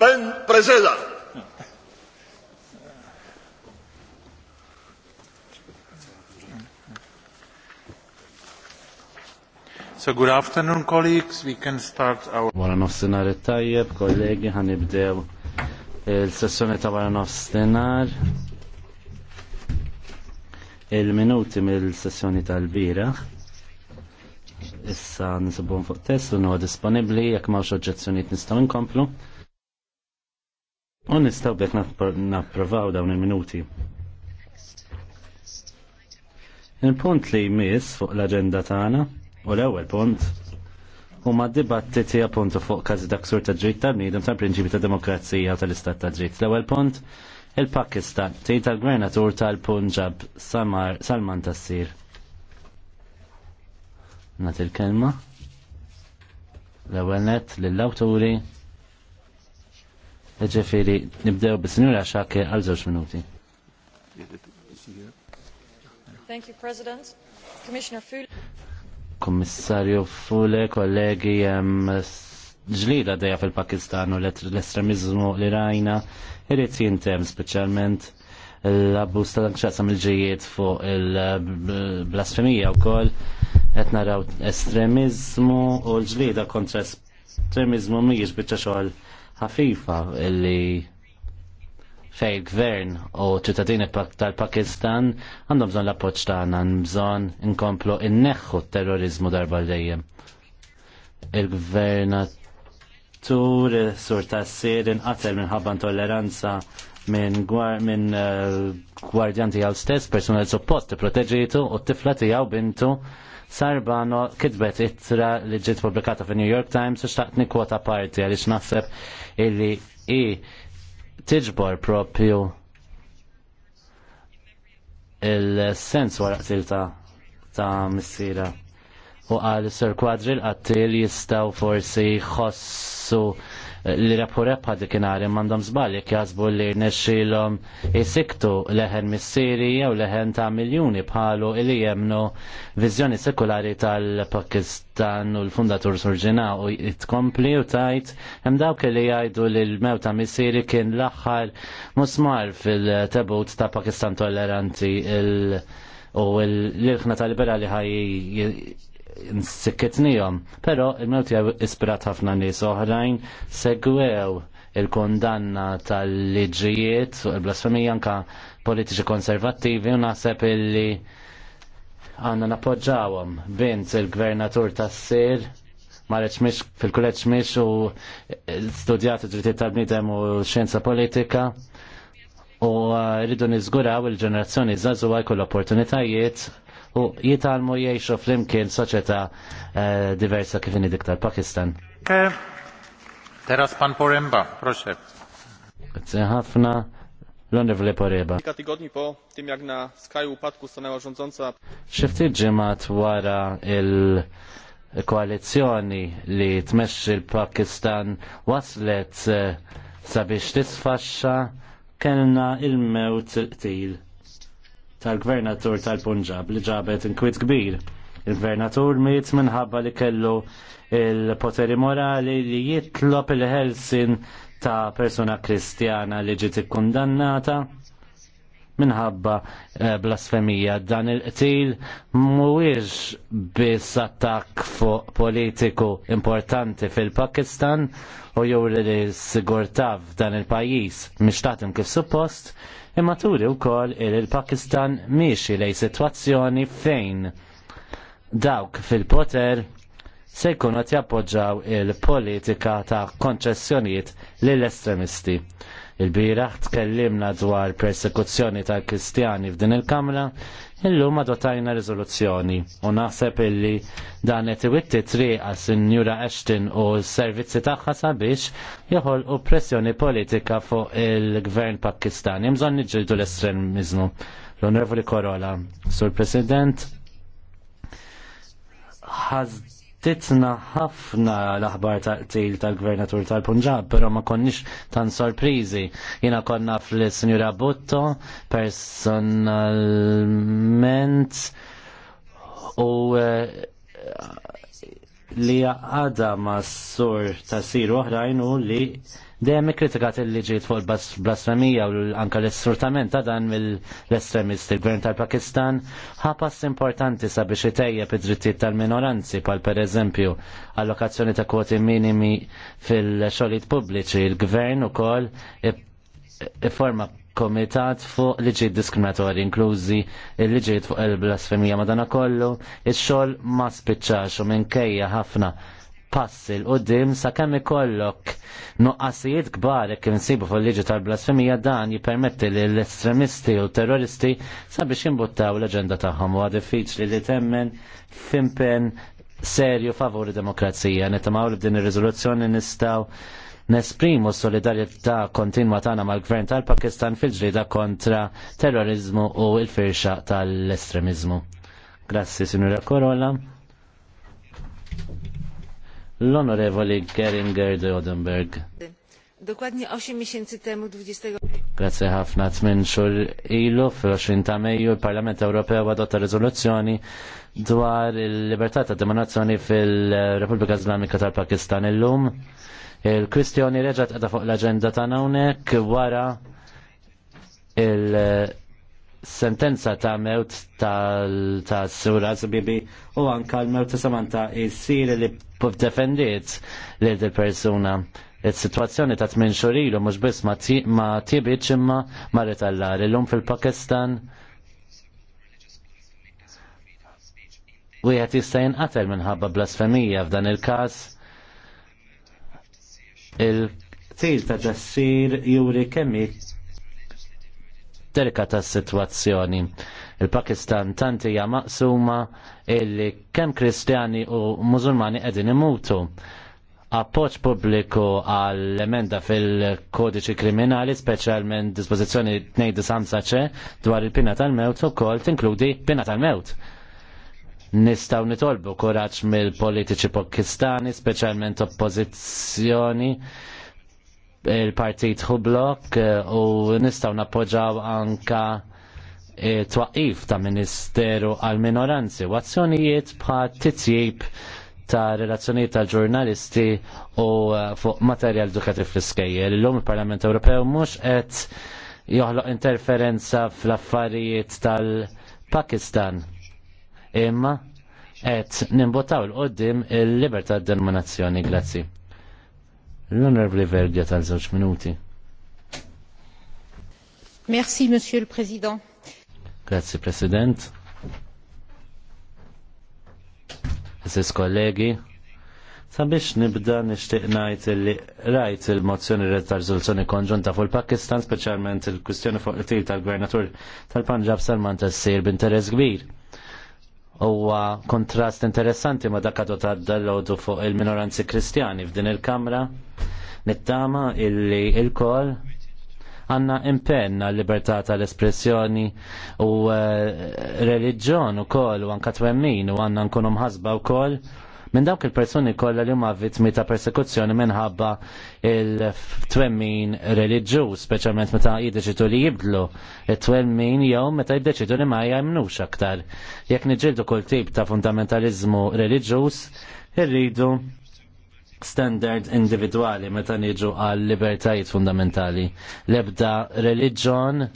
Pen prezeda. So good afternoon colleagues, we can start our... Wara nofsenar tajjeb kollegi, ħanibdew il-sessjoni ta' wara nofsenar. Il-minuti mill-sessjoni tal-bira. Issa nisibhom fuq test u huwa disponibbli jekk m'hawnx oġġezzjonijiet nistgħu nkomplu. Un nistaw bek napprovaw dawn il-minuti. Il-punt li jmiss fuq l-agenda tagħna u l-ewwel punt huma dibattiti appuntu fuq każi daksur ta' ġrit tal-bniedem tal-prinċipi ta' demokrazija tal-istat ta' ġrid. L-ewwel punt il-Pakistan tgħid tal-gvernatur tal-Punjab Samar Salman Tassir. Nagħti il-kelma l-ewwel net lill-awturi Ġifiri, nibdew bis-sinjura xakke għal żewġ minuti. Thank you, President. Commissioner Fule. Kommissarju Fule, kollegi, ġlida dejja fil-Pakistan u l-estremizmu li rajna, irrit jintem specialment l-abbus tal-anċasam il ġijiet fuq il-blasfemija u koll, Etna raw estremizmu u l-ġlida kontra estremizmu miġ bieċa xoħal ħafifa illi fej gvern u ċittadini tal-Pakistan għandhom bżon l-appoċ tagħna bżon inkomplu inneħħu terrorizmu darba dejjem. Il-gvernatur sur tassir inqatel minħabba intolleranza minn min, eh, gwardjan tiegħu stess, persuna li suppost tipproteġitu u t-tifla tiegħu bintu Sarbano kitbet ittra li ġiet publikata fi New York Times u xtaqtni kwota parti għaliex naħseb illi i tiġbor propju il-sens wara ta' ta' missira u għal Sir Quadril għattil jistaw forsi jħossu li repu repa dikinari mandom zbal jek jazbu li nexilom jisiktu leħen missiri jew leħen ta' miljoni bħalu li jemnu vizjoni sekulari tal-Pakistan u l-fundatur surġina u jitkompli u tajt hemm dawk li jgħidu li l-mew ta' missiri kien l-axħar musmar fil-tebut ta' Pakistan tolleranti il- u l-irħna tal-liberali ħaj nsikketnijom. Pero il mewti jew ispirat ħafna nies oħrajn segwew il-kondanna tal-liġijiet u il-blasfemija anka politiċi konservattivi u naħseb illi għanna napoġġawhom bint il-gvernatur tas-sir marreċ miex fil-kulleċ miex u studjati dritti tal-bnidem u xjenza politika u uh, rridu niżguraw il-ġenerazzjoni zazu żgħażugħa jkollu opportunitajiet u jitalmu jiexu fl-imkien soċjetà uh, diversa kif inhi diktar Pakistan. Teraz pan Poremba, proszę. Grazie ħafna. L-Onorevole Poreba. Kilka tygodni po tym jak na skraju upadku stanęła rządząca. Xiftit ġemat wara il- koalizjoni li tmesċi l-Pakistan waslet uh, sabiex tisfaxxa kellna il-mewt til tal-gvernatur tal-Punġab li ġabet inkwit kbir. Il-gvernatur miet minħabba li kellu il-poteri morali li jitlob il-ħelsin ta' persona kristjana li ġiet ikkundannata minħabba eh, blasfemija. Dan il-qtil mhuwiex biss attakk fuq politiku importanti fil-Pakistan u juri li s-sigurtà f'dan il-pajjiż mixtatim kif suppost, imma turi wkoll il il-Pakistan miexi lejn sitwazzjoni fejn dawk fil-poter se jkunu qed jappoġġaw il-politika ta' konċessjonijiet lill estremisti Il-biraħ tkellimna dwar persekuzzjoni tal kristjani f'din il-Kamra, illum adottajna riżoluzzjoni u naħseb illi dan qed iwitti triq għas Sinjura Ashton u s-servizzi tagħha sabiex joħolqu pressjoni politika fuq il-Gvern Pakistani. Mżon niġġieldu l estremiżmu L-Onorevoli Korola, Sur President, ħaz Titna ħafna l-aħbar taqtil tal-gvernatur tal-Punġab, pero ma konniex tan sorprizi. Jina konna fl-Sinjura Butto, personalment, u eh, li għada ma s-sur ta' siru oħrajn u li dejjem kritikat il-liġijiet fuq il blasfemija u anka l-isfruttament ta' dan mill-estremisti. Il-gvern tal-Pakistan ħapass importanti sabiex itejjeb id-drittijiet tal-minoranzi pal per eżempju allokazzjoni ta' kwoti minimi fil-xogħlijiet pubbliċi. Il-gvern ukoll forma komitat fuq liġijiet diskriminatorji inklużi il-liġijiet fuq il-blasfemija madana kollu, ix-xogħol ma spiċċax u minkejja ħafna passi l qoddim sa kemmi ikollok nuqqasijiet gbar kif nsibu fuq liġi tal-blasfemija dan jippermetti li l-estremisti u terroristi sabiex jimbuttaw l-aġenda tagħhom huwa diffiċli li temmen fimpen serju favori demokrazija. Nitamaw li b'din ir-riżoluzzjoni nistgħu nesprimu solidarjetà kontinwa tagħna mal-Gvern tal-Pakistan fil-ġrida kontra terrorizmu u l-firxa tal-estremizmu. Grazzi, Sinura Korolla. L-Onorevoli Geringer de Odenberg. Dokładnie 8 miesięcy temu 20. Grazie ħafna tmin xur ilu fil-20 ta' Mejju il-Parlament Ewropew adotta riżoluzzjoni dwar il-libertà ta' dimonazzjoni fil-Repubblika Islamika tal-Pakistan illum. Il-kwistjoni reġgħet qiegħda fuq l-aġenda tagħna hawnhekk wara il-sentenza ta' mewt ta' Sura Bibi u anka l-mewt ta' Samanta jissir li puf defendiet li d persuna il-situazzjoni ta' tmin xurilu mux biss ma tibiċ imma marret allar. Illum fil-Pakistan u jgħat jista' jinqatel minħabba blasfemija f'dan il-kas Il-til ta' ġassir juri kemmi terka ta' situazzjoni. Il-Pakistan tanti hija maqsuma illi kemm Kristjani u Mużulmani qegħdin imutu appoċ pubbliku għall-emenda fil-kodiċi kriminali, specialment dispozizjoni 295 dwar il-pina tal-mewt u kol tinkludi pina tal-mewt nistaw nitolbu kuraġġ mill-politiċi pakistani, speċjalment oppożizzjoni, il-partit Hublok eh, u nistaw nappoġġaw anka eh, twaqif ta' ministeru għal minoranzi u azzjonijiet bħal titjib ta' relazzjonijiet tal ġurnalisti u eh, fuq materjal edukativ fl-iskejjer. Illum il-Parlament Ewropew mhux qed joħloq interferenza fl-affarijiet tal-Pakistan imma qed nimbotaw l-qoddim il-libertà d-denominazzjoni, grazzi. L-Onorevoli Verdja tal-żewġ minuti. Merci, Monsieur le Président. Grazie, President. Eżis kollegi, sabiex nibda nixtieq ngħid li rajt il-mozzjoni ta' rizoluzzjoni konġunta fuq il-Pakistan, speċjalment il-kwistjoni fuq il-til tal-gvernatur tal-Panġab Salman tas-sir b'interess kbir huwa kontrast interessanti ma dak għadu tad-dallodu fuq il-minoranzi kristjani f'din il-Kamra nittama illi il-kol għanna impenna l-libertà tal-espressjoni u uh, eh, religjon u kol u anka twemmin u għanna nkunu mħasba u kol Minn dawk il-persuni kollha li huma vittmi ta' persekuzzjoni minħabba il-twemmin reliġjuż, speċjalment meta jiddeċidu li jibdlu it-twemmin jew meta jiddeċidu li ma jgħamnux aktar. Jekk niġġieldu kull tip ta' fundamentaliżmu reliġjuż, irridu standard individuali meta niġu għal libertajiet fundamentali. Lebda reliġjon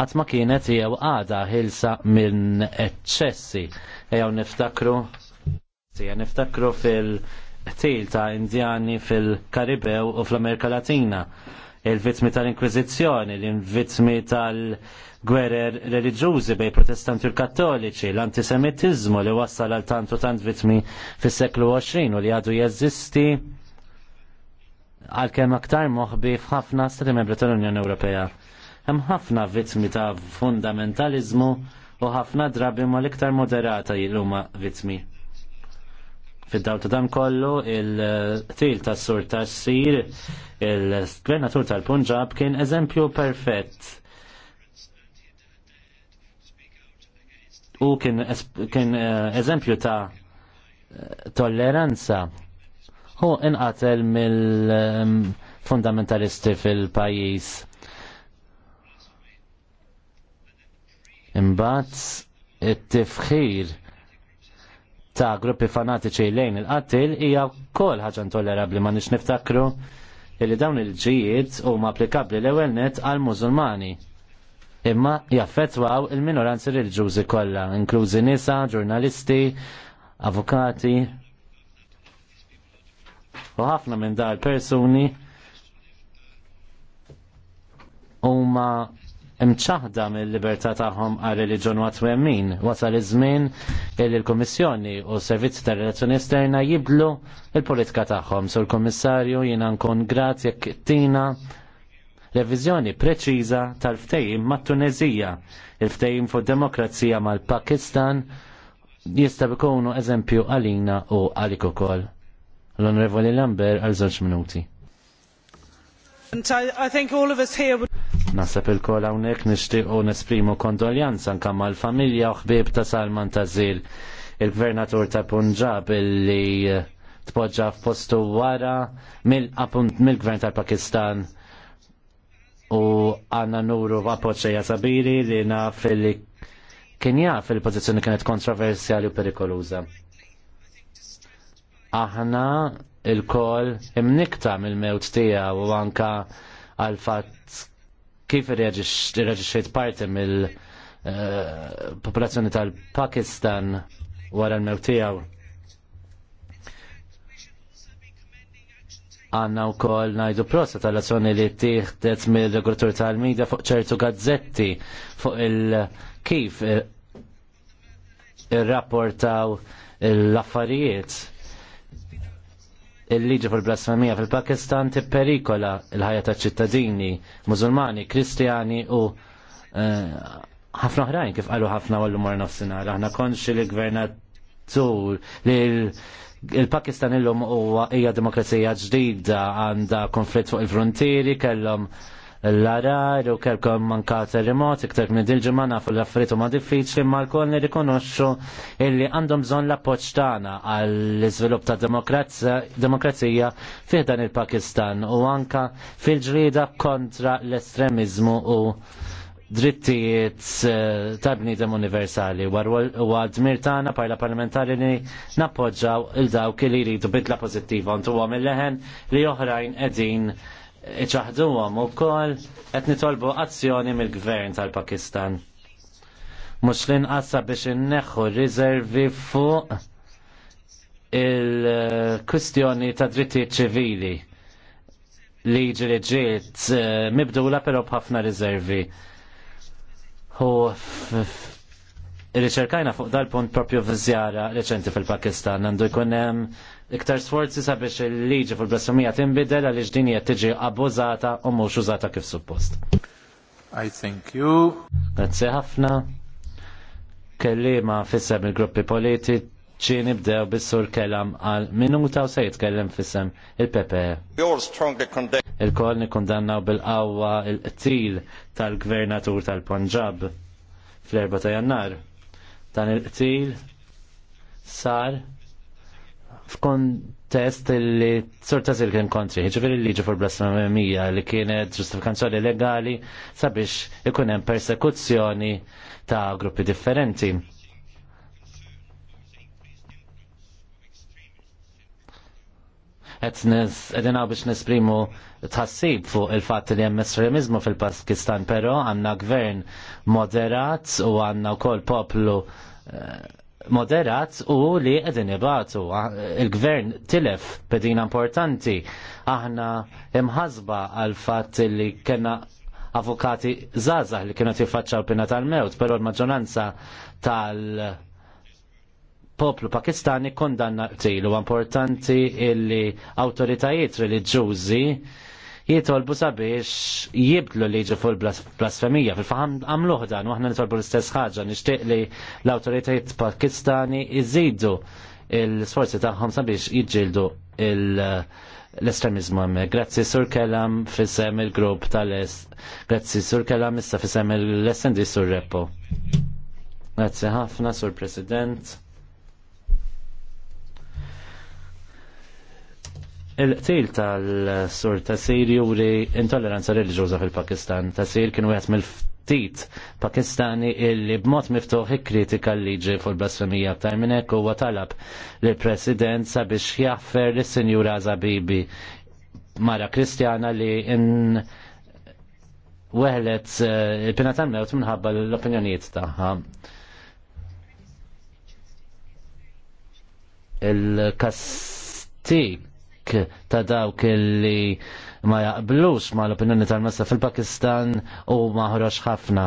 għat ma kienet jew għada ħilsa minn eċċessi. Ejaw niftakru Sija niftakru fil-qtil ta' Indjani fil-Karibew u fl-Amerika Latina. Il-vitmi tal-Inkwizizzjoni, l-vitmi tal-gwerer reliġjużi bej protestanti u kattoliċi, l-antisemitizmu li wassal għal tantu tant vitmi fis-seklu 20 u li għadu jeżisti għal-kem aktar moħbi f'ħafna stati membri tal-Unjoni Ewropea. Hemm ħafna vitmi ta' fundamentalizmu u ħafna drabi ma l-iktar moderata jiluma vitmi Fid-daw ta' dan kollu il-til ta' sur ta' sir il-gvernatur tal-Punġab kien eżempju perfett. U kien, kien eh, eżempju ta' tolleranza. Hu inqatel mill-fundamentalisti fil-pajis. Imbagħad it-tifħir ta' gruppi fanatiċi lejn il-qattil hija wkoll ħaġa intollerabbli ma nix niftakru li dawn il-ġijiet huma applikabbli l-ewwel net għall mużulmani imma jaffettwaw il-minoranzi reliġjużi kollha, inklużi nisa, ġurnalisti, avukati. U ħafna minn dar persuni huma imċaħda mill-libertà tagħhom għal reliġjon wa twemmin. Wasal iż-żmien li l-Kummissjoni u s-Servizzi tar-Relazzjoni Esterna jiblu il-politika tagħhom. Sur Kummissarju jiena nkun grat jekk tina reviżjoni preċiża tal-ftehim mat-Tunezija, il-ftehim fuq demokrazija mal-Pakistan jista' ikunu eżempju għalina u għalik ukoll. L-Onorevoli Lambert għal żewġ minuti. I think all of us here would... Nasab il-kol hawnhekk nixtiequ nesprimu kondoljanza anke mal-familja u ħbieb ta' Salman Tazil il-gvernatur ta' Punjab illi tpoġġa f'postu wara mill-gvern tal-Pakistan u għanna nuru appoċċeja sabiri li naf li kien jaf il-pozizjoni kienet kontroversjali u perikoluża. Aħna il-kol imnikta mill-mewt tiegħu u anka għal fatt kif reaġiċċiet parti mill-popolazzjoni eh, tal-Pakistan wara l-mew tiegħu. Għanna u kol najdu prosa tal-azzjoni li tiħdet mill-regulatur tal-medja fuq ċertu gazzetti fuq il-kif eh, il-rapportaw il-affarijiet il-liġi fil blasfemija fil-Pakistan tipperikola il-ħajja ta' ċittadini Mużulmani, Kristjani u eh, ħafna oħrajn kif qalu ħafna għallu mor nofsinhar. Aħna konxi li gvernatur li il-Pakistan illum huwa hija demokrazija ġdida għandha konflitt fuq il-frontieri kellhom l-arar u kelkom manka terremot, iktar minn dil-ġemana nafu l-affarijiet huma diffiċli ma l-kol nirrikonoxxu illi għandhom bżonn l-appoġġ tagħna għall-iżvilupp ta' demokrazija fih dan il-Pakistan u anka fil-ġrida kontra l-estremizmu u drittijiet eh, ta' bnidem universali u għadmir tagħna parla parlamentari li nappoġġaw il-dawk li jridu bidla pożittiva Untu għom il-leħen li oħrajn qegħdin u ukoll qed nitolbu azzjoni mill-gvern tal-Pakistan. Mhux l-inqassa biex neħu rizervi fuq il kustjoni ta' drittijiet ċivili li ġri ġiet eh, mibdula però b'ħafna riservi. Riċerkajna fuq dal-punt propju żjara reċenti fil-Pakistan għandu jkun hemm iktar sforzi sabiex il-liġi fil-blasfemija tinbidel għaliex din qed tiġi abbużata u mhux użata kif suppost. I thank you. Grazzi ħafna. Kellima fissem il-gruppi politiċi nibdew bis-sur kelam għal minuta u se jitkellem fissem il-PPE. Il-kol nikkundannaw bil-qawwa il-qtil tal-gvernatur tal-Punjab fl-erba ta' jannar Dan il-qtil sar f'kontest li sorta zil kien kontri, ġifiri liġi for blasfemija li kienet ġustifikanzjoni legali sabiex ikun hemm persekuzzjoni ta' gruppi differenti. edina biex nesprimu tħassib fuq il-fat li hemm estremizmu fil-Pakistan, pero għanna gvern moderat u għanna wkoll kol poplu moderat u li edin ibatu. Il-gvern tilef b'edina importanti. Aħna imħazba għal fatt li kena avukati zazah li kienu tifacċaw pina tal-mewt, pero l-maġġoranza tal- poplu pakistani kondanna qtilu importanti illi autoritajiet religjużi jitolbu sabiex jibdlu liġi fuq il-blasfemija. Fil-faham għamluħ dan, u aħna nitolbu l-istess ħaġa, nixtieq li l-awtoritajiet pakistani iżidu l-sforzi tagħhom sabiex jiġġieldu l-estremizmu hemmhekk. Grazzi sur kellam fissem il-grupp tal-est. Grazzi sur Kellam issa fisem l-SND sur Repo. Grazzi ħafna sur President. Il-qtil tal-sur Tasir juri intolleranza religjuża fil-Pakistan. Tasir kienu wieħed mill-ftit Pakistani illi b'mod miftuħ kritika l-liġi fuq il-blasfemija ta' minn hekk huwa talab li president sabiex jaffer lis sinjura Zabibi mara Kristjana li in weħlet eh, il-pina tal-mewt minħabba l-opinjonijiet tagħha. Il-kastik attakk ta' dawk li ma jaqblux ma l-opinjoni tal-massa fil-Pakistan u maħroġ ħafna.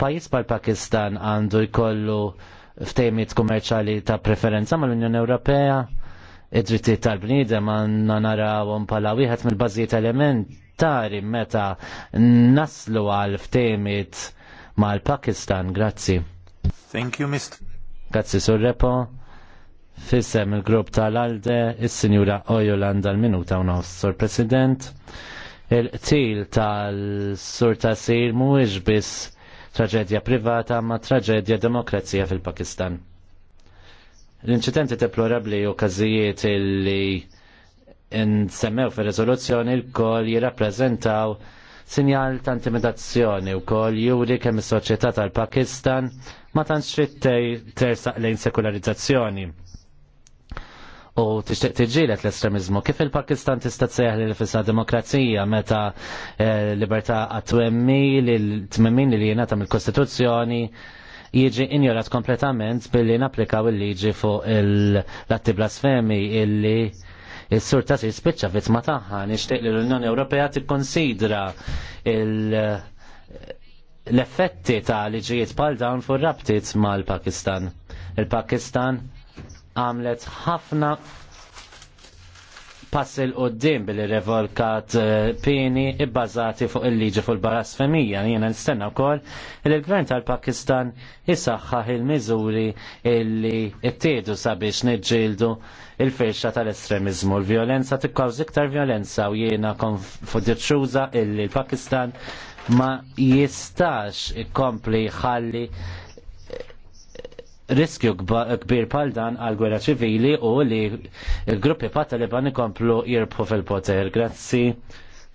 Pajis pal-Pakistan għandu jkollu ftejmiet kummerċali ta' preferenza mal-Unjoni Ewropea id-drittijiet tal-bniedem għandna narawhom bħala wieħed mill-bażijiet elementari meta naslu għal ftejmiet mal-Pakistan. Grazzi. Thank you, Mr. Grazzi, Repo. Fissem il-grupp tal-Alde, il-Sinjura Ojolanda l-Minuta unos, Sur President. Il-til tal-Sur Tasir mu iġbis traġedja privata ma traġedja demokrazija fil-Pakistan. L-inċidenti deplorabli u kazijiet illi nsemmew fil-rezoluzzjoni il-kol jirrapprezentaw sinjal ta' intimidazzjoni u kol juri kemm is-soċjetà tal-Pakistan ma tantx tersa lejn sekularizzazzjoni u tixtieq tiġġieled l-estremizmu. Kif il-Pakistan tista' tseħħ li fissa demokrazija meta eh, libertà għat-twemmi l-tmemmin li jingħata mill-Kostituzzjoni jiġi injorat kompletament billi napplikaw il-liġi fuq l-atti blasfemi illi il-sur ta' jispiċċa vittma taħħa nixtieq li l-Unjoni Ewropea tikkonsidra l-effetti ta' liġijiet pal dawn fuq rabtiet mal-Pakistan. Il-Pakistan għamlet ħafna pass il qoddim billi revolkat eh, pieni ibbażati fuq il-liġi fuq il-barasfemija. Jena nistenna wkoll li l-gvern tal-Pakistan jisaxħaħ il-miżuri illi it-tiedu sabiex niġġieldu il-firxa tal-estremizmu. L-violenza tikkawż iktar violenza u jiena konfudirċuża illi l-Pakistan ma jistax ikkompli ħalli riskju kbir pal dan għal gwerra ċivili u li il-gruppi pat taliban ikomplu jirbħu fil-poter. Grazzi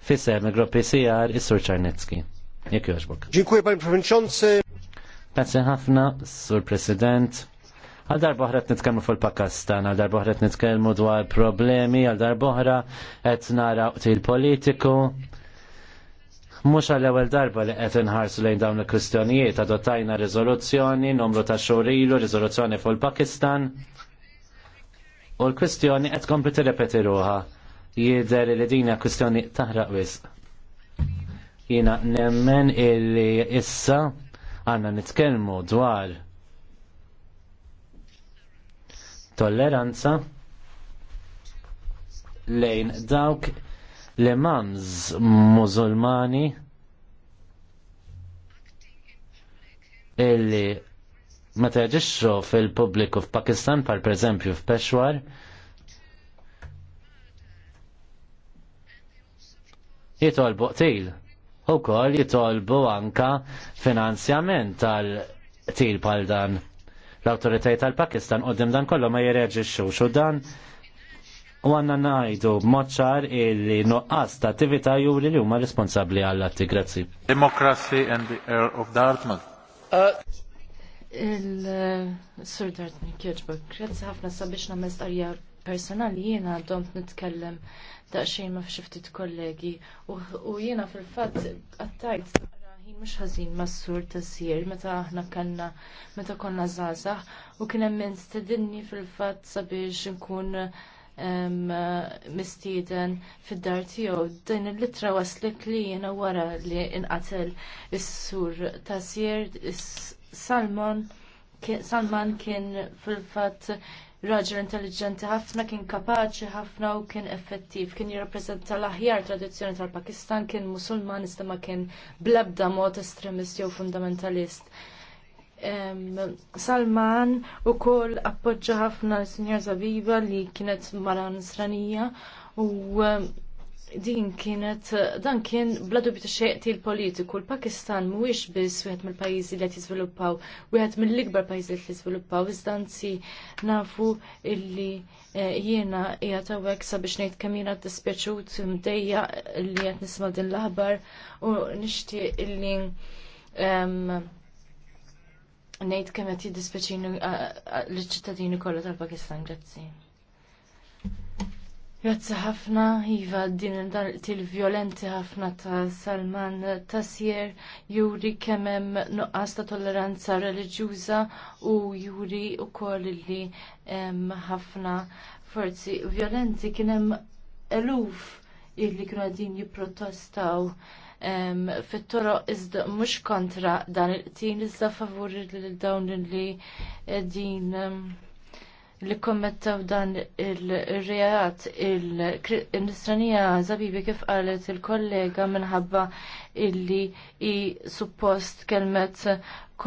fissem il-gruppi sijar is-Sur Czarnecki. Jek joġbuk. Dziękuję panie przewodniczący. Grazie ħafna, Sur President. Għal darba oħra nitkellmu fil pakistan għal darba oħra nitkellmu dwar problemi, għal darba oħra qed nara il-politiku Mux għal ewwel darba li qed inħarsu lejn dawn il-kwistjonijiet adottajna riżoluzzjoni, numru ta' ilu, riżoluzzjoni fuq il-Pakistan. U l-kwistjoni qed kompli tirrepeti ruha. Jidher li din hija kwistjoni taħraq wisq. Jiena nemmen illi issa għandna nitkellmu dwar tolleranza lejn dawk l-imams mużulmani illi ma jaġixxu fil-pubbliku f'Pakistan par preżempju f'Peshwar jitolbu qtil u kol jitolbu anka finanzjament tal-qtil pal dan l autoritajt tal-Pakistan dim dan kollu ma jireġixxu xu dan U għanna najdu moċċar illi nuqqas ta' attività juri li huma responsabli għall atti grazzi. Democracy and the air of Dartmouth. Uh, Il-Sur Dartmouth kieġbok, grazzi ħafna sabiex na starja personali jiena domt nitkellem ta' xejn ma' fxiftit kollegi u jena fil-fat għattajt ħin mhux ma' mas-sur ta' sir meta aħna kellna meta konna żgħażagħ u kien hemm stedinni fil-fatt sabiex nkun Eh, mistieden fid-dar tiegħu. Din il-litra waslet li jiena wara li inqatel is-sur is Salmon Salman kien fil-fatt raġel intelligenti ħafna, kien kapaċi ħafna u kien effettiv, kien jirrappreżenta l-aħjar tradizzjoni tal-Pakistan, kien musulman iżda ma kien blebda mod estremist jew fundamentalist. Salman u kol appoġġa ħafna l-Sinjor Zaviva li kienet mara nisranija u din kienet dan kien bladu dubju xejqti l-politiku. L-Pakistan mhuwiex biss wieħed mill-pajjiżi li qed jiżviluppaw, wieħed mill-ikbar pajjiżi li jiżviluppaw, iżda anzi nafu illi e, jiena qiegħed hawnhekk sabiex ngħid kemm jiena dispjaċut mdejja li qed nisma' din l-aħbar u nixtieq illi Nejt kemm qed jiddispeċinu l-ċittadini kollha tal-Pakistan, grazzi. Grazzi ħafna, Iva, din il-violenti ħafna ta' Salman Tasir, juri kemm hemm nuqqas ta' tolleranza reliġjuża u juri wkoll li ħafna forzi violenti kien hemm eluf illi kienu għadin jipprotestaw fit-toro iżda mhux kontra dan il-qtin iżda favur lil dawn li din li kommettaw dan il-reat il-nisranija zabibi kif qalet il-kollega minħabba illi i suppost kelmet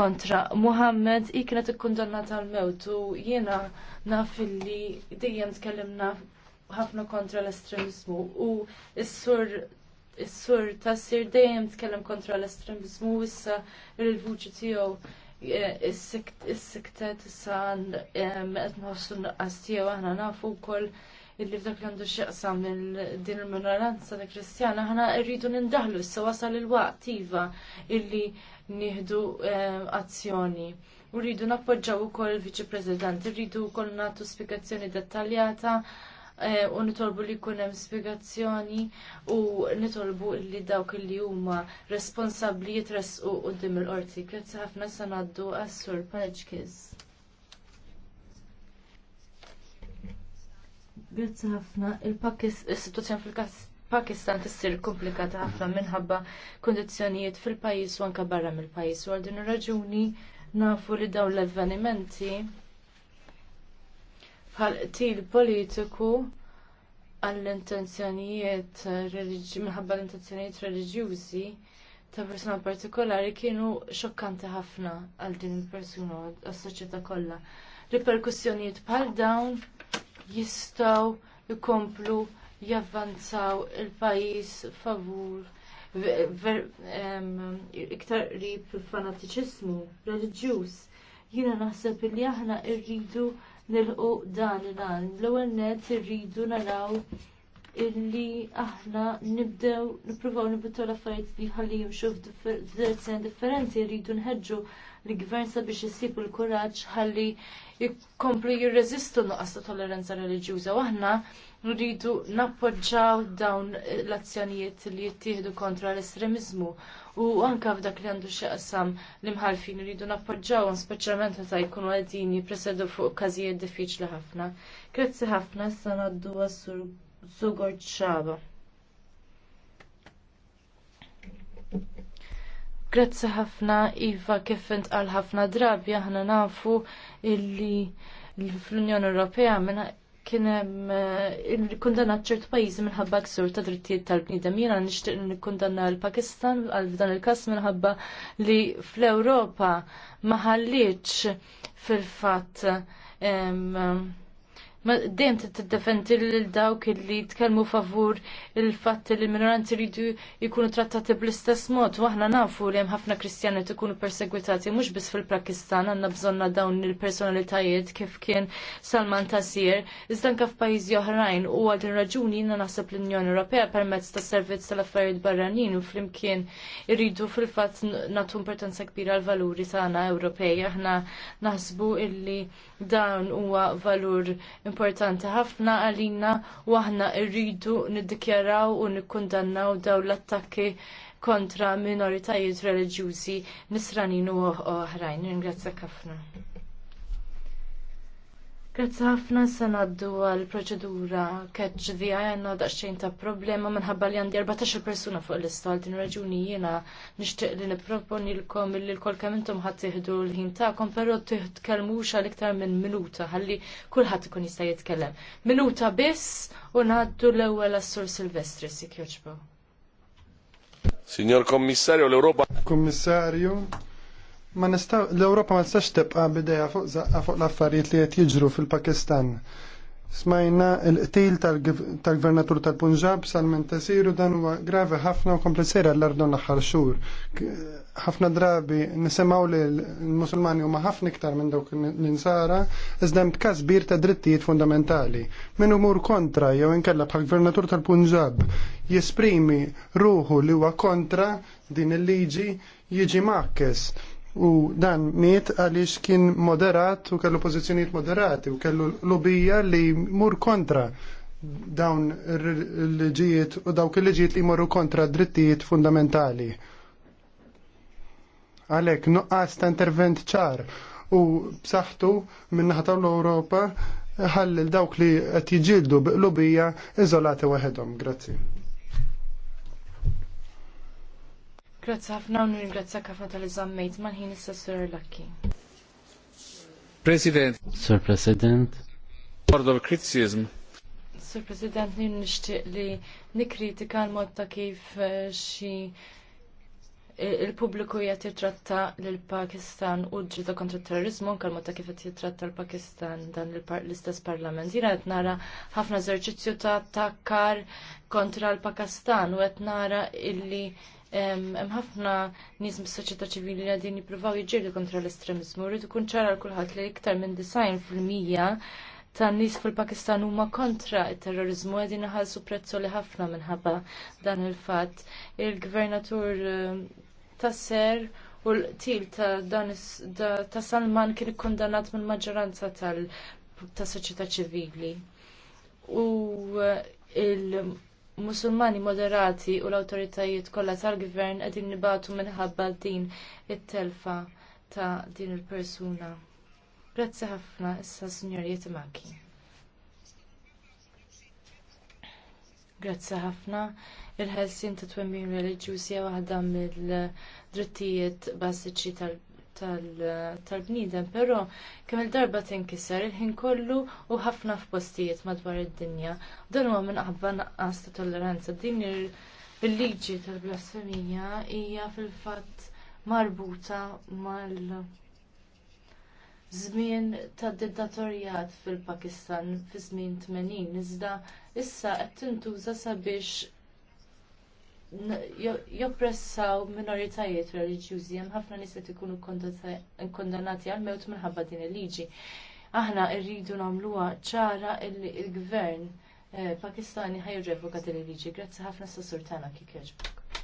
kontra Muhammed i kienet ikkundannata għal mewt u jiena naf illi dejjem tkellimna ħafna kontra l estremismu u s-sur Is-sur Tassir dejjem tkellem kontra l-estremizmu issa il-vuċi tiegħu eh, is-siktet issa qed nħossu nuqqas tiegħu aħna nafu wkoll illi f'dak li għandu x'jaqsam din il-minoranza ta' Kristjana aħna rridu nindaħlu issa wasal il-waqt iva illi nieħdu azzjoni. U rridu nappoġġaw ukoll il-Viċi President, rridu wkoll nagħtu spjegazzjoni dettaljata Eh, u nitolbu li jkun hemm spjegazzjoni u nitolbu li dawk li huma responsabbli jitresqu quddiem il-qorti. Grazie ħafna se ngħaddu għas-sur Grazzi ħafna. Il-situazzjoni fil kass Pakistan tissir komplikata ħafna minħabba kundizzjonijiet fil-pajjiż u anke barra mill U Għal din ir-raġuni nafu li dawn l-avvenimenti bħal qtil politiku għall-intenzjonijiet minħabba l-intenzjonijiet reliġjużi ta' persuna partikolari kienu xokkanti ħafna għal din il-persuna għas-soċjetà kollha. Riperkussjonijiet bħal dawn jistgħu jkomplu javvanzaw il pajjiż favur iktar qrib il-fanatiċismu reliġjuż. Jiena naħseb li aħna rridu nilħu dan il-għan. L-ewwel net irridu naraw illi aħna nibdew nippruvaw nibdew l-affarijiet li ħalli jimxu f'direzzjoni differenti, rridu nħeġġu l-gvern sabiex isibu l-kuraġġ ħalli jikomplu jirreżistu nuqqas ta' tolleranza reliġjuża. Waħna rridu nappoġġaw dawn l-azzjonijiet li jittieħdu kontra l-estremizmu u anka f'dak li għandu qasam l-imħalfin rridu nappoġġaw speċjalment meta jkunu qegħdin jipresedu fuq każijiet diffiċli ħafna. Grazzi ħafna, issa ngħaddu għas-sur ċaba. Grazzi ħafna, Iva, kif int ħafna drabi aħna nafu illi fl-Unjoni Ewropea minna kien hemm eh, kundanna ċertu pajjiżi minħabba ksur ta' drittijiet tal-bniedem. Jiena nixtieq nikkundanna l-Pakistan għal f'dan il-każ minħabba li fl-Ewropa ma ħalliċ fil-fatt ma dejjem tiddefendi lil dawk li tkellmu favur il-fatt li l minoranti jridu jkunu trattati bl-istess mod u aħna nafu li hemm ħafna Kristjani ikunu persegwitati mhux biss fil-Pakistan għandna bżonna dawn il-personalitajiet kif kien Salman Tasir iżda anke f'pajjiżi oħrajn u għal din raġuni jiena naħseb l-Unjoni Ewropea permezz tas servizz tal-affarijiet barranin u flimkien irridu fil-fatt nagħtu importanza kbira għall valuri tagħna Ewropej. Aħna naħsbu illi dawn huwa valur importanti ħafna għalina u aħna rridu niddikjaraw u nikkundannaw daw l-attakki kontra minoritajiet reliġjużi nisranin u oħrajn. Ringrazzjak ħafna. Grazzi ħafna se ngħaddu għall proċedura catch VI għandna daqsxejn ta' problema minħabba li għandi 14 persuna fuq l-lista din raġuni jiena nixtieq li nipproponilkom li l-kol kemm intom ħadd l-ħin tagħkom però titkellmux għal iktar minn minuta ħalli kulħadd ikun jista' jitkellem. Minuta biss u ngħaddu l-ewwel assur Silvestri si Sikjoċbo. Signor Commissario, l-Europa. Commissario, ma nistaw, l-Europa ma tistax tibqa bideja fuq l-affarijiet li qed jiġru fil-Pakistan. Smajna l-qtil tal-gvernatur tal punjab salment tasiru dan huwa gravi ħafna u komplizera l-ardon l-aħħar xhur. Ħafna drabi nisimgħu li l-Musulmani huma ħafna iktar minn dawk l-insara iżda hemm kbir ta' drittijiet fundamentali. Min umur kontra jew inkella bħal gvernatur tal punjab jesprimi ruħu li huwa kontra din il-liġi jiġi makkes U dan miet għaliex kien moderat u kellu pożizzjonijiet moderati u kellu lobija li mur kontra dawn il-liġijiet u dawk il-liġijiet li jmorru kontra drittijiet fundamentali. Għalek, nuqqas ta' intervent ċar u b'saħħtu minnaħat naħta l-Ewropa ħallil dawk li qed jiġildu biqlubija iżolati waħedhom. Grazzi. Grazzi ħafna u nirringrazzjak ħafna tal-iżammejt mal-ħin issa Sir Lucky. President. Sir President. Board of Criticism. Sir President, nien nixtieq li nikkritika l-mod ta' kif eh, xi eh, il-pubbliku jgħat jitratta l-Pakistan u ġrida kontra terrorizmu, kalma ta' kif jgħat jitratta l-Pakistan dan l-istess parlament. Jina għet nara ħafna eżerċizzju ta' takkar kontra l-Pakistan u għet nara illi hemm ħafna nies mis-soċjetà ċivili li qegħdin jippruvaw jiġġieldu kontra l estremiżmu Rrid ikun ċara kulħadd li iktar minn design fil-mija tan nies fil-Pakistan huma kontra t terrorizmu qegħdin iħallsu prezzu li ħafna minħabba dan il-fatt. Il-gvernatur ser u l til ta' dan ta' Salman kien ikkondannat mill maġġoranza tal ta' soċjetà ċivili. U eh, il- musulmani moderati u l-autoritajiet kollha tal-gvern qegħdin nibatu minħabba din it-telfa ta' din il-persuna. Grazzi ħafna issa Sinjor Jitimaki. Grazzi ħafna. Il-ħelsin ta' twemmin reliġjuż waħda mill-drittijiet bażiċi tal tal-bniedem, però kemm il-darba tinkiser il-ħin kollu u ħafna f'postijiet madwar id-dinja. Dan huwa minqabba naqqas ta' tolleranza. Din il-liġi tal-blasfemija hija fil-fatt marbuta mal- Żmien tad dittatorjat fil-Pakistan fi żmien 80 iżda issa qed tintuża sabiex joppressaw minoritajiet reliġjużi hemm ħafna nies li ikunu kkondannati għal mewt minħabba din il-liġi. Aħna rridu nagħmluha ċara li il-gvern eh, Pakistani ħajrevoka din il-liġi. Grazzi ħafna sa Sultana Kikeġbuk.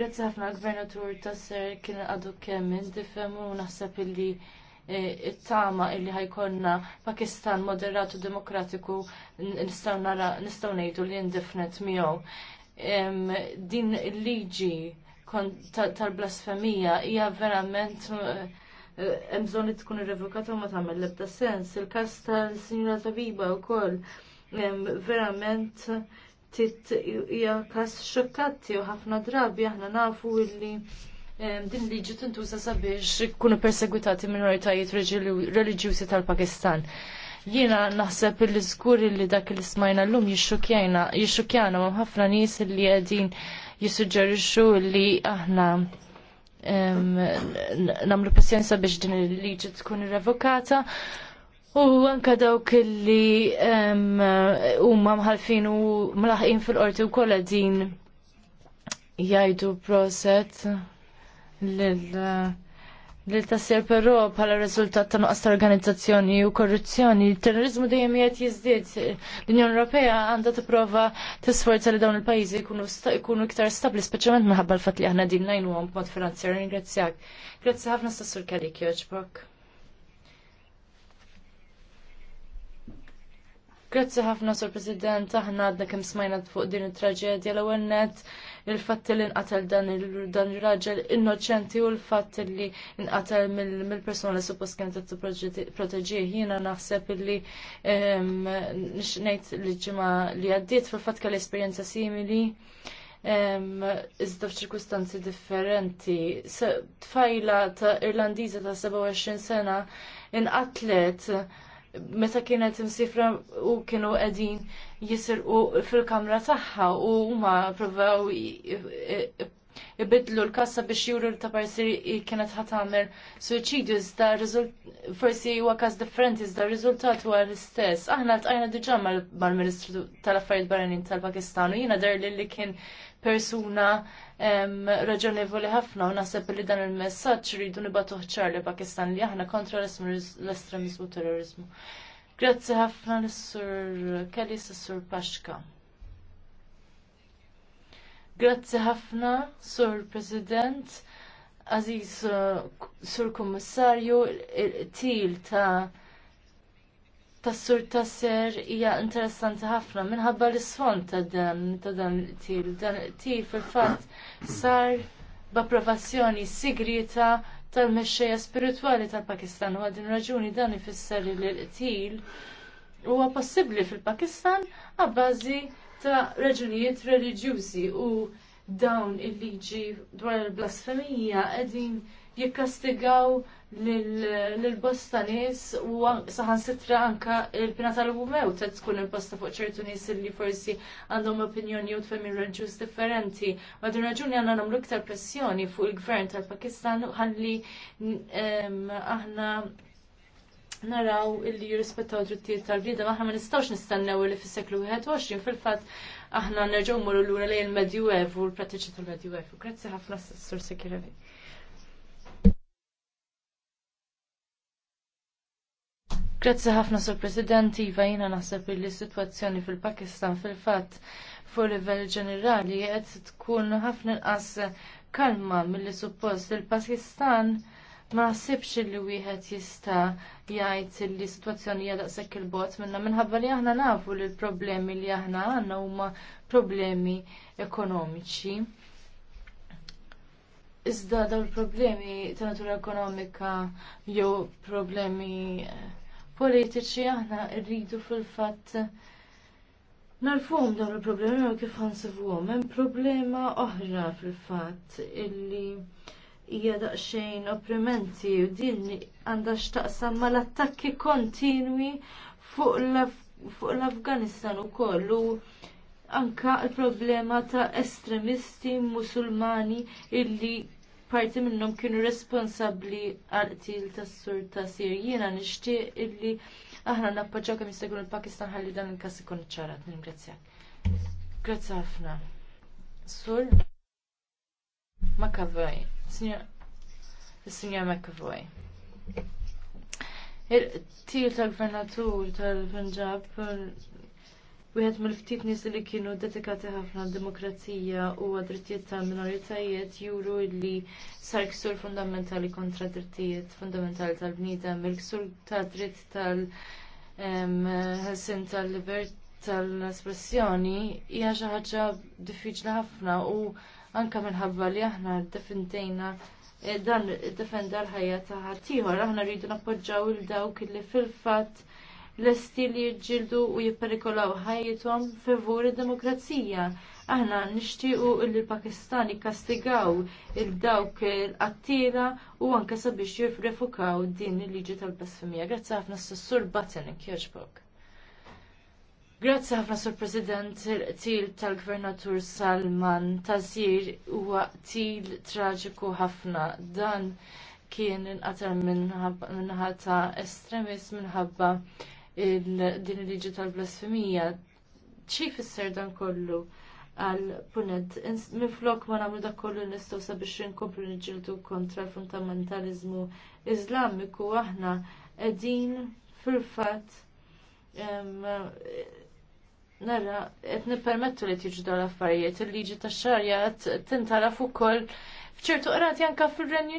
Grazzi ħafna għal gvernatur ta' ser kien għadu kemm indifhem u naħseb illi eh, it-tama illi ħajkonna Pakistan moderatu demokratiku nistaw ngħidu li indifnet miegħu din il-liġi tal-blasfemija hija verament eh, eh, hemm bżonn li tkun irrevokata u ma tagħmel l-ebda sens. Il-każ tal-Sinjura Tabiba wkoll verament hija każ xokkatti u ħafna drabi aħna nafu illi din liġi tintuża sabiex ikunu persegwitati minoritajiet reliġjużi tal-Pakistan. Jiena naħseb illi żgur li dak li smajna llum jixxukjana, jixxukjana ma' ħafna nies li qegħdin jissuġġerixxu li aħna nagħmlu pazjenza biex din il-liġi tkun irrevokata. U anka dawk li huma mħalfin u mlaħqin fil-qorti wkoll din jgħidu proset lil li tassir però bħala rezultat ta' nuqqas ta' organizzazzjoni u korruzzjoni, terrorizmu dejjem jgħet jiżdied. L-Unjoni Ewropea għandha tipprova tisforza li dawn il-pajjiżi jkunu iktar stabbli, speċjalment minħabba l-fatt li aħna din ngħinuhom b'mod finanzjar. Ringrazzjak. Grazzi ħafna stassur Kelly Kjoġbok. Grazzi ħafna, Sur President, aħna għadna kemm smajna fuq din it-traġedja l-ewwel net il-fatt li nqatel dan il-raġel innoċenti u l-fatt li nqatel mill-persona li suppost kien qed proteġi jiena naħseb li ngħid li ġimgħa li għaddiet fil-fatt kell esperjenza simili iżda f'ċirkustanzi differenti. Tfajla ta' Irlandiża ta' 27 sena inqatlet meta kienet imsifra u kienu qegħdin jisirqu fil-kamra tagħha u huma provaw ibidlu l-kassa biex juru ta' parsi kienet ħat tagħmel suicidju iżda forsi huwa każ differenti iżda r-riżultat huwa l-istess. Aħna t-għajna diġà mal-Ministru tal-Affarijiet Barranin tal-Pakistan u jiena derli li kien persuna raġonevoli ħafna u naħseb li dan il-messaġġ rridu nibatuh ċar li Pakistan li aħna kontra l-estremizmu terrorizmu. Grazzi ħafna l-Sur Kelly s-Sur Paxka. Grazzi ħafna, Sur President, Aziz uh, Sur Kommissarju, il-til ta' tas-sur tas-ser hija interessanti ħafna minħabba l-isfond ta' dan ta' dan il Dan il fil-fatt sar b'approvazzjoni sigrita tal-mexxejja spiritwali tal-Pakistan u għadin raġuni dan ifisser li l-qtil huwa possibbli fil-Pakistan għabbażi ta' raġunijiet reliġjużi u dawn il-liġi dwar il-blasfemija qegħdin jikkastigaw l-bosta nis u saħan sitra anka il-pina tal-gumew ta' tkun il-bosta fuq ċertu nis li forsi għandhom opinjoni u tfemmi raġus differenti. Ma din raġuni għanna namlu iktar pressjoni fuq il-gvern tal-Pakistan għalli aħna naraw illi jirrispettaw drittijiet tal-bnida, maħna ma nistawx nistennew li fis-seklu 21 fil-fatt aħna nerġgħu mmorru lura lejn il-Medjuev u l-prattiċi tal medju Evu. Grazzi ħafna, Sur Sekirevik. Grazzi ħafna sur President, Iva jina naħseb li situazzjoni fil-Pakistan fil-fat fuq livell ġenerali qed tkun ħafna inqas kalma milli suppost il-Pakistan ma naħsibx li wieħed jista' jgħid li situazzjoni hija daqshekk il-bot minna minħabba li aħna nafu li l-problemi li aħna għandna huma problemi ekonomiċi. Iżda daw il problemi ta' natura ekonomika jew problemi politiċi aħna rridu fil-fatt narfuhom dawn il-problemi jew kif ħansibuhom. Hemm problema oħra fil-fatt illi hija daqsxejn opprimenti u din għandha x'taqsam mal-attakki kontinwi fuq l-Afganistan ukoll kollu anka l problema ta' estremisti musulmani illi parti minnhom kienu responsabbli għal qtil tas-sur ta' sir. Jiena nixtieq illi aħna nappoġġaw kem jista' jkun il-Pakistan ħalli dan il-każ ikun ċarat. Ningrazzjak. Grazzi ħafna. Sur Makavoj. Signor Makavoj. Il-til tal-gvernatur tal-Punjab Wieħed mill-ftit nies li kienu dedikati ħafna demokrazija u għad-drittijiet tal-minoritajiet juru li sar ksur fundamentali kontra drittijiet fundamentali tal-bnidem, il-ksur ta' dritt tal-ħelsin tal-libert tal-espressjoni hija xi ħaġa diffiċli ħafna u anke minħabba li aħna defendejna eh, dan defenda l-ħajja ta' ħaddieħor aħna rridu nappoġġaw il dawk li fil-fatt l li jġildu u jipperikolaw ħajjitom favur id-demokrazija. Aħna nixtiequ li l-Pakistan jikkastigaw il-dawk il qattila u anke sabiex jirrefukaw din il-liġi tal-blasfemija. Grazzi ħafna s-sur Batten Kirchbok. Grazzi ħafna sur President il tal-Gvernatur Salman Tazir huwa qtil traġiku ħafna dan kien inqatel minnaħa ta' estremis minħabba din il-liġi tal-blasfemija. ċi fisser dan kollu għal punet? Minflok ma namlu dak kollu nistaw sabiex rinkomplu nġiltu kontra l-fundamentalizmu izlamiku aħna edin fil-fat Nara, et nipermettu li tiġu dal l-affarijiet, il-liġi ta' xarja tintara fuq kol fċertu qrati anka fil-Renju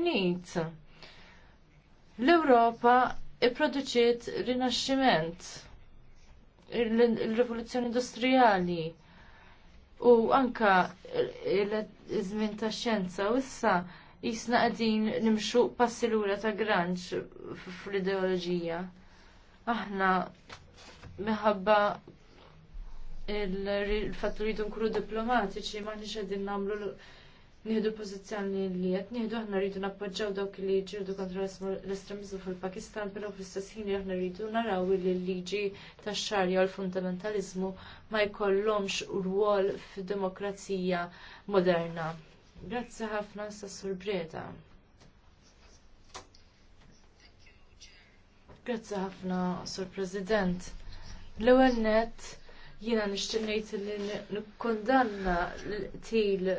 L-Europa Iproduċiet rinaxximent, il-rivoluzzjoni industrijali u anka il żmien tax xjenza u issa jisna qegħdin nimxu passilura ta' granċ fl-ideoloġija. Aħna minħabba il-fatt li nkunu diplomatiċi ma nix qegħdin nagħmlu nieħdu pożizzjoni li qed nieħdu aħna rridu nappoġġjaw dawk li jġirdu kontra l estremiżmu fil-Pakistan, però fl-istess ħin aħna rridu naraw li l-liġi tax-xarja u l-fundamentaliżmu ma jkollhomx rwol fid-demokrazija moderna. Grazzi ħafna Sassur Breda. Grazzi ħafna, Sur President. L-ewwel net jiena nixtieq ngħid li nikkundanna l-til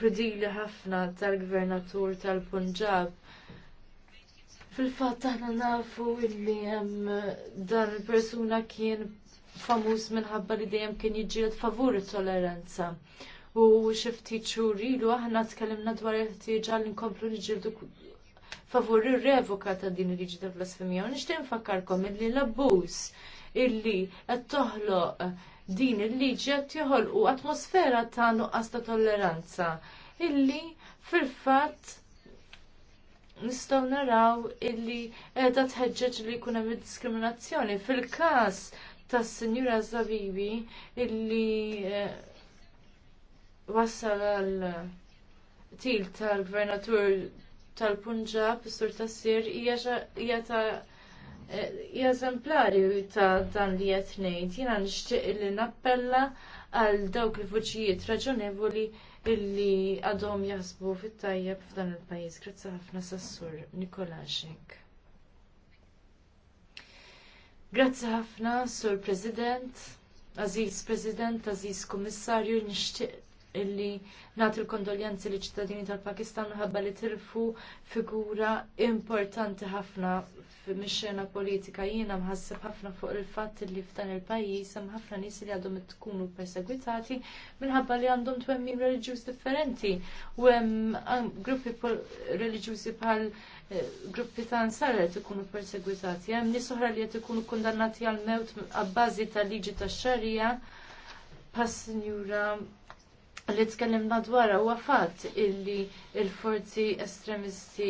krudili ħafna tal-gvernatur tal-Punġab. Fil-fatt aħna nafu illi hemm dan il-persuna kien famuż minħabba li dejjem kien jiġġieled favur it-toleranza. U xi ċuri xhur aħna tkellimna dwar il-ħtieġa li nkomplu niġġieldu favur ir-revoka ta' din il-liġi tal-blasfemija. U nixtieq nfakkarkom illi l-abbuż illi qed toħloq din il-liġi għat joħolqu atmosfera ta' nuqqas ta' tolleranza illi fil-fatt nistgħu naraw illi edha tħeġġeġ li jkun hemm diskriminazzjoni fil-każ tas-Sinjura Zabibi illi eh, wassal għal til tal-gvernatur tal-Punġab, sur tas-sir, hija ta' Eh, eżemplari ta' dan li qed ngħid. Jiena nixtieq li nappella għal dawk il-vuċijiet raġonevoli illi għadhom jaħsbu fit-tajjeb f'dan il-pajjiż. Grazzi ħafna sassur Nikolaxek. Grazzi ħafna, Sur President, Aziz President, Aziz Kummissarju, nixtieq illi nagħtu l-kondoljanzi li ċittadini tal-Pakistan ħabba li tirfu figura importanti ħafna fmixena politika jiena mħasseb ħafna fuq il-fatt li f'dan il-pajjiż hemm ħafna nies li għadhom tkunu persegwitati minħabba li għandhom twemmin reliġjuż differenti u hemm um, gruppi reliġjużi bħal eh, gruppi ta' ansar li ikunu persegwitati, hemm nies oħra li qed ikunu kundannati għal mewt għabbażi tal-liġi tax-xarija pass sinjura li tkellimna dwar huwa fatt illi il-forzi estremisti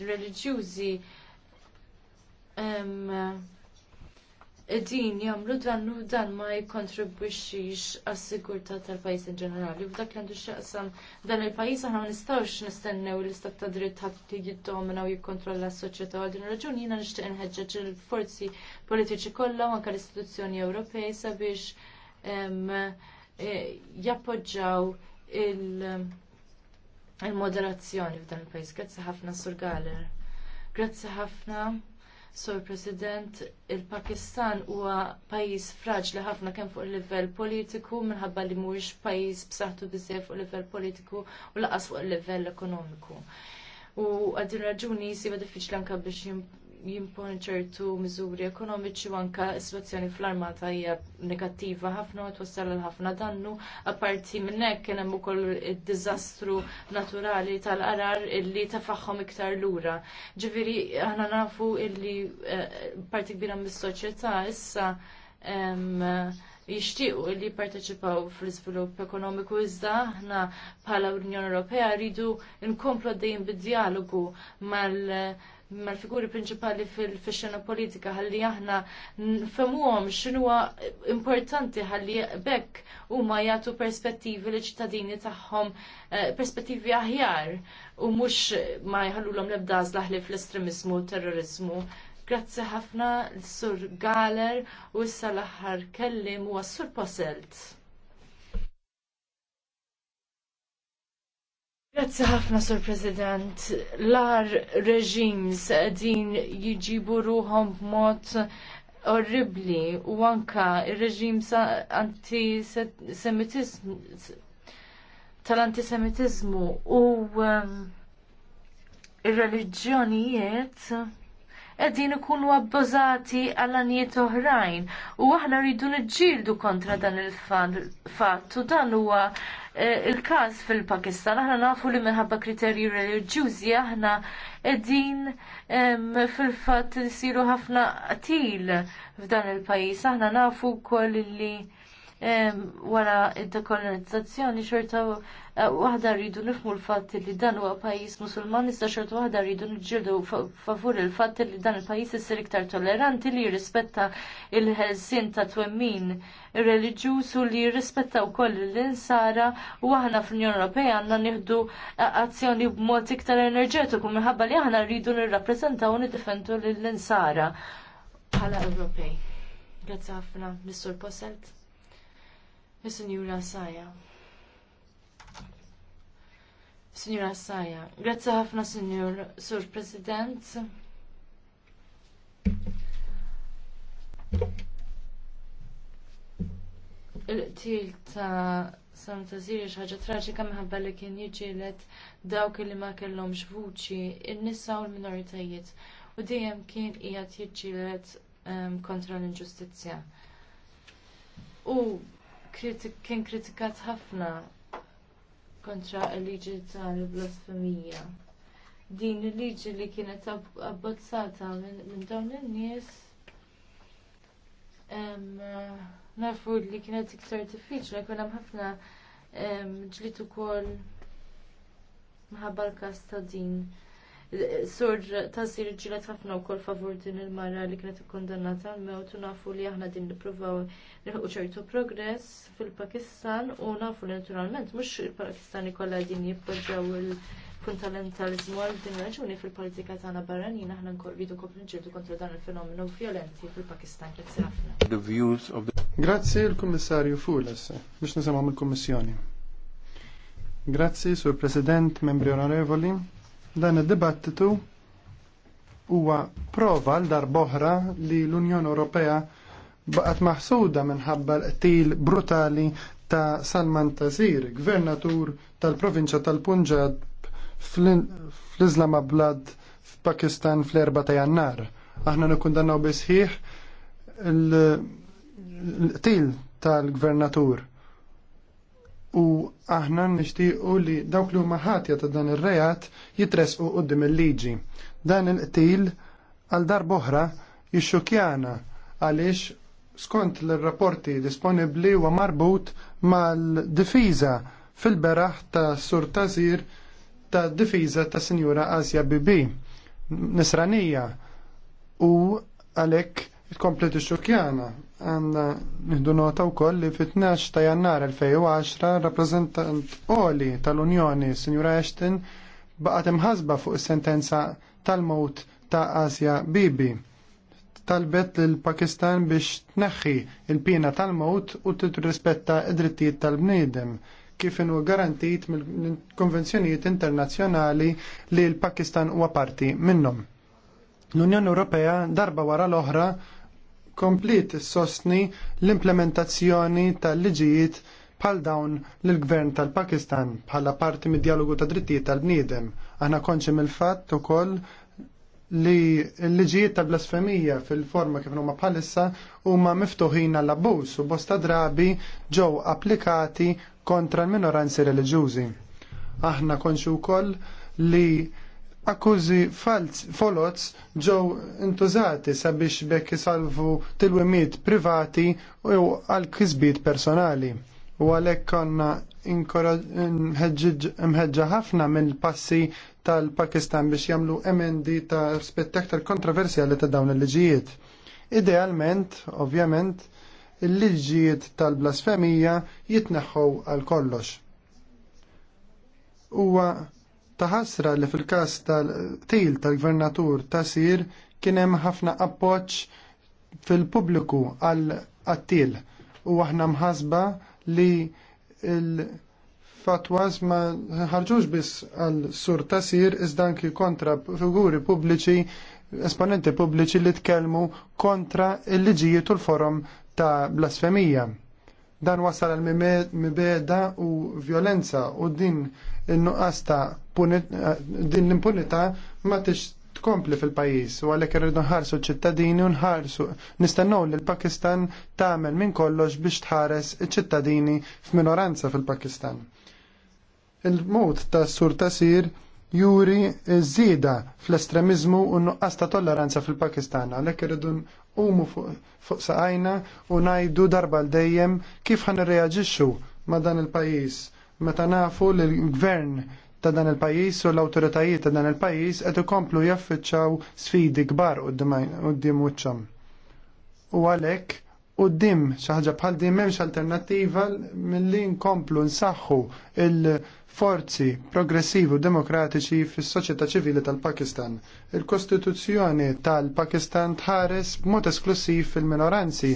reliġjużi din jagħmlu dan u dan ma jikkontribwixxix għas-sigurtà tal-pajjiż in ġenerali. F'dak li għandu x'jaqsam dan il-pajjiż aħna ma nistgħux nistennew l-istat ta' dritt ħadd jiddomina u jikkontrolla s-soċjetà għal din raġuni jiena nixtieq inħeġġeġ il-forzi politiċi kollha u anke l-istituzzjoni Ewropej sabiex Eh, jappoġġaw il-moderazzjoni f'dan il-pajis. Grazzi ħafna, Sur Galer. Grazzi ħafna, Sur President. Il-Pakistan huwa pajis fraġli ħafna kemm fuq il-livell politiku minħabba li mhuwiex pajis b'saħħtu biżejjed fuq il-livell politiku u laqas fuq il-livell ekonomiku. U għadin raġuni jisiba diffiċli anke biex jimpon ċertu miżuri ekonomiċi u anka situazzjoni fl-armata hija negattiva ħafna u twassal għal ħafna dannu. Apparti minn hekk kien hemm ukoll id-diżastru naturali tal-qarar illi tefaħħom iktar lura. Ġifieri aħna nafu illi eh, parti kbira mis-soċjetà issa jixtiequ li jipparteċipaw fl-iżvilupp ekonomiku iżda aħna bħala Unjoni Ewropea rridu nkomplu għaddejjin bid-dialogu mal- mal-figuri prinċipali fil-xena politika ħalli aħna nfemuhom x'inhuwa importanti ħalli bekk huma jagħtu perspettivi li ċittadini tagħhom eh, perspettivi aħjar u mhux ma jħallulhom l-ebda laħli fl estremismu u terrorizmu. Grazzi ħafna l-Sur Galer u issa l-aħħar kellim huwa Sur Poselt. Grazzi ħafna, Sur President. L-ar reġims din jiġibu ruħom b'mod orribli u anka il-reġim tal-antisemitizmu u um, il-reliġjonijiet għeddin ikunu abbożati għal-anijiet oħrajn u aħna rridu nġildu kontra dan il-fatt u dan huwa Eh, il-każ fil-Pakistan. Aħna nafu li minħabba kriterji reliġjużi aħna qegħdin fil-fatt isiru ħafna qtil f'dan il-pajjiż. Aħna nafu wkoll li wara id-dekolonizzazzjoni xorta eh, waħda rridu nifmu l-fatt li dan huwa pajjiż musulman iżda xorta waħda rridu nġildu favur il-fatt li dan il-pajjiż issir iktar tolleranti li jirrispetta il-ħelsien ta' twemmin reliġjuż u li jirrispetta wkoll l-insara u aħna fl-Unjoni Ewropea għandna nieħdu eh, azzjoni b'mod iktar enerġetiku minħabba li aħna rridu nirrappreżentaw u nidifendu lill-insara bħala Ewropej. Grazzi ħafna, Mr. Posselt. Is-Sinjura Saja. Sinjura Saja, grazzi ħafna Sinjur Sur President. Il-qtil ta' Santa Taziri xaġa traġika minħabba li kien jġilet dawk li ma kellhomx vuċi in-nisa u l-minoritajiet u dejjem kien qiegħed jiġilet ehm, kontra l-inġustizzja. U kien kritikat ħafna kontra il-liġi tal-blasfemija. Din il-liġi li kienet abbozzata minn dawn in-nies nafu li kienet iktar diffiċli, kien hemm ħafna ġliet ukoll minħabba l-każ ta' din Sur ta' sir ġilet ħafna kol favur din il-mara li kienet kondannata mewt u nafu li aħna din nippruvaw nilħu ċertu progress fil-Pakistan u nafu li naturalment mhux il-Pakistani kollha din jippoġġaw il-fundamentalizmu għal din raġuni fil-politika tagħna barranin aħna nkorridu kopri ġirdu kontra dan il-fenomenu violenti fil-Pakistan. Grazie ħafna. Grazzi l-Kummissarju Fulas biex nisimgħu mill-Kummissjoni. Grazzi, Sur President, membri onorevoli. Dan id-dibattitu huwa prova l darboħra li l-Unjoni Ewropea baqgħet maħsuda minħabba l-qtil brutali ta' Salman Tazir, gvernatur tal-provinċja tal-Punjab fl-Islamabad f'Pakistan fl-4 ta' jannar. Aħna nikkundannaw bisħiħ l-qtil tal-gvernatur u aħna nixtiequ li dawk li huma ħatja ta' dan ir rejat jitresqu qudiem il-liġi. Dan il-qtil għal dar boħra jixxukjana għaliex skont l-rapporti disponibbli huwa marbut mal-difiża fil-beraħ ta' Sur Tazir ta' difiża ta' Sinjura Asja Bibi nisranija u għalhekk tkompli tixxukjana. Għanna nihdu nota wkoll li fit-12 ta' jannar 2010 rappreżentant Oli tal-Unjoni, Sinjura Ashton, baqgħet imħasba fuq is-sentenza tal mot ta' Asja Bibi. Talbet l pakistan biex tneħħi il-pina tal mot u t-rispetta id-drittijiet tal-bniedem kif inhu garantit mill-konvenzjonijiet internazzjonali li l-Pakistan huwa parti minnhom. L-Unjoni Ewropea darba wara l-oħra komplit sostni l-implementazzjoni tal-liġijiet bħal dawn lill gvern tal-Pakistan bħala parti mid dialogu ta' drittijiet tal-bniedem. Aħna konċem mill-fatt ukoll li l-liġijiet tal-blasfemija fil-forma kif huma bħalissa huma miftuħin għall abbuż u bosta drabi ġew applikati kontra l-minoranzi reliġjużi. Aħna konċu wkoll li akkużi folots ġew intużati sabiex bekk isalvu tilwimiet privati u għal kisbiet personali. U għalhekk konna mħeġġa ħafna mill-passi tal-Pakistan biex jagħmlu emendi ta' aspetti aktar kontroversjali ta' dawn il-liġijiet. Idealment, ovvjament, il-liġijiet tal-blasfemija jitneħħu għal kollox. Huwa Taħasra li fil-każ tal-til tal-gvernatur ta' sir kien hemm ħafna appoġġ fil-pubbliku għal attil u aħna mħasba li il-fatwas ma ħarġux biss għal sur tasir ki kontra figuri pubbliċi esponenti pubbliċi li tkellmu kontra il-liġijiet u l-forum ta' blasfemija. Dan wasal għal mibeda u violenza u din il-nuqqas ta' din l-impunità ma tix tkompli fil-pajis u għalek rridu nħarsu ċittadini u nħarsu nistennew li l-Pakistan tagħmel minn kollox biex tħares ċittadini f'minoranza fil-Pakistan. Il-mod ta' sur tasir juri żieda fl-estremizmu u nuqqas ta' tolleranza fil-Pakistan għalhekk rridu umu fuq saqajna u najdu darba l-dejjem kif ħan reagġiċu ma dan il-pajis meta nafu li l-gvern ta' dan il-pajis u l-autoritajiet ta' dan il-pajis qed ikomplu jaffiċċaw sfidi kbar qudiem wiċċhom. U għalhekk quddiem xi ħaġa bħal din m'hemmx alternattiva milli nkomplu nsaħħu il- forzi progressivi u demokratiċi fis-soċjetà ċivili tal-Pakistan. Il-Kostituzzjoni tal-Pakistan tħares b'mod esklusiv fil-minoranzi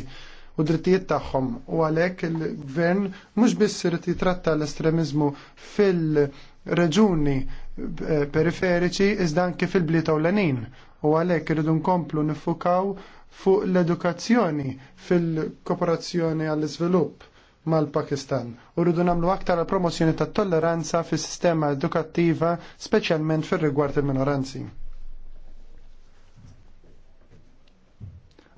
u drittijiet tagħhom u għalhekk il-gvern mhux biss irid jitratta l-estremiżmu fil-reġuni eh, periferiċi iżda anke fil-bliet ewlenin u għalhekk iridu nkomplu nifukaw fuq l-edukazzjoni fil-kooperazzjoni għall-iżvilupp mal-Pakistan. Urridu namlu aktar promozzjoni ta' tolleranza fis sistema edukattiva, speċjalment fir rigward il-minoranzi.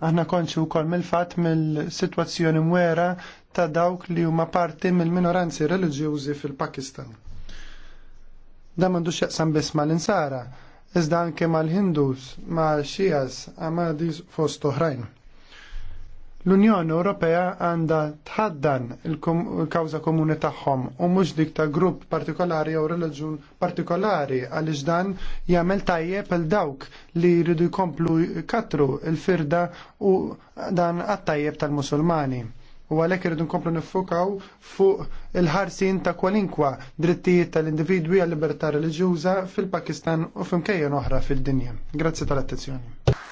Aħna konċi wkoll mill-fatt mill-sitwazzjoni mwera ta' dawk li huma parti mill-minoranzi reliġjużi fil-Pakistan. Dan għandu xieqsan biss mal-insara, iżda anke mal-Hindus, mal-Xijas, Amadis fost oħrajn. L-Unjoni Ewropea għandha tħaddan il-kawża komuni tagħhom u mhux dik ta' grupp partikolari jew reliġjun partikolari għaliex dan jagħmel tajjeb il dawk li jridu jkomplu katru il-firda u dan għat-tajjeb tal-Musulmani u għalhekk irridu nkomplu nifukaw fuq il-ħarsin ta' kwalinkwa drittijiet tal-individwi għal libertà reliġjuża fil-Pakistan u fimkejjen oħra fil-dinja. Grazzi tal-attenzjoni.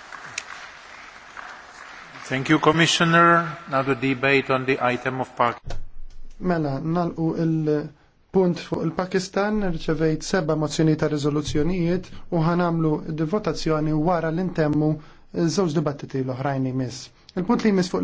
Thank you, Commissioner. Now the debate on the item of Pakistan. Mela, nalqu il-punt fuq il-Pakistan, rċevejt seba mozzjoni ta' rezoluzzjonijiet u ħanamlu d-votazzjoni wara l-intemmu żewġ dibattiti l-oħrajn li jmiss. Il-punt li jmiss fuq